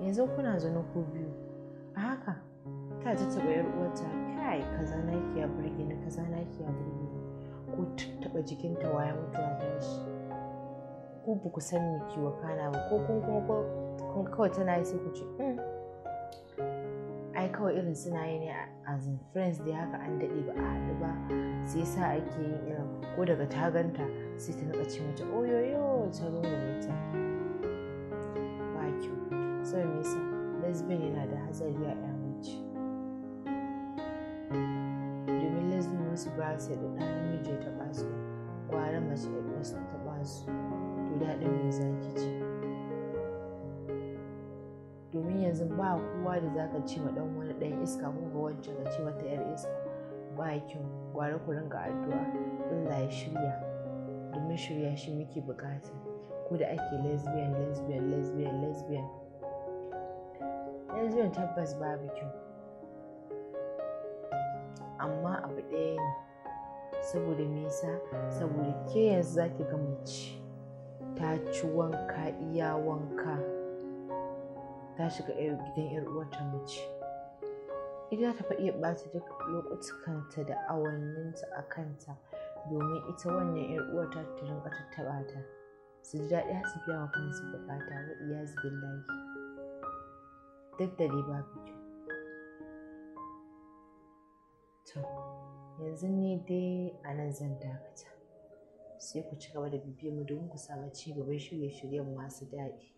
yanzu kuna zaune ku biyu a haka ta ji taɓa yar uwarta kai kaza na ki ya burge ni kaza na ki ya burge ni ko taɓa jikinta waya mutuwa a shi ko ba ku san me wa kana ba ko kun kuma kun kawai tana yi sai ku ce hmm. ai kawai irin suna yi ne a friends da haka an daɗe ba a haɗu ba sai sa ake yin irin ko daga tagant ta sai ta naɓa ce mata oyoyo ta ne ta zan nisa lesbian yana da hatsari a yamaci domin lesbian wasu ba su da ɗan namiji ya taɓa su gwara mace ya wasu ta su to daɗin mai zaki ce domin yanzu ba kowa da za ka ce ma ɗan wani ɗan iska ko ga wancan ka ce wata 'yar iska ba kyau gwara ku ringa addu'a Allah ya shirya domin shirya shi muke bukata ko da ake lesbian lesbian rediyon tabbas babu kyau amma abu ɗaya ne saboda me yasa saboda ke yanzu za ki ga mace ta ci wanka iya wanka ta shiga gidan yar uwarta mace ita ta iya ɓata duk lokutukanta da awanninta a kanta domin ita wannan yar uwarta ta rinka tattaɓa ta su ji daɗi su biya wa kansu bukata wa billahi duk da dai babu kyau to yanzu ni dai a nan zan dakata sai ku ci gaba da bibiyar domin ku samu ci shirye-shiryen masu daɗi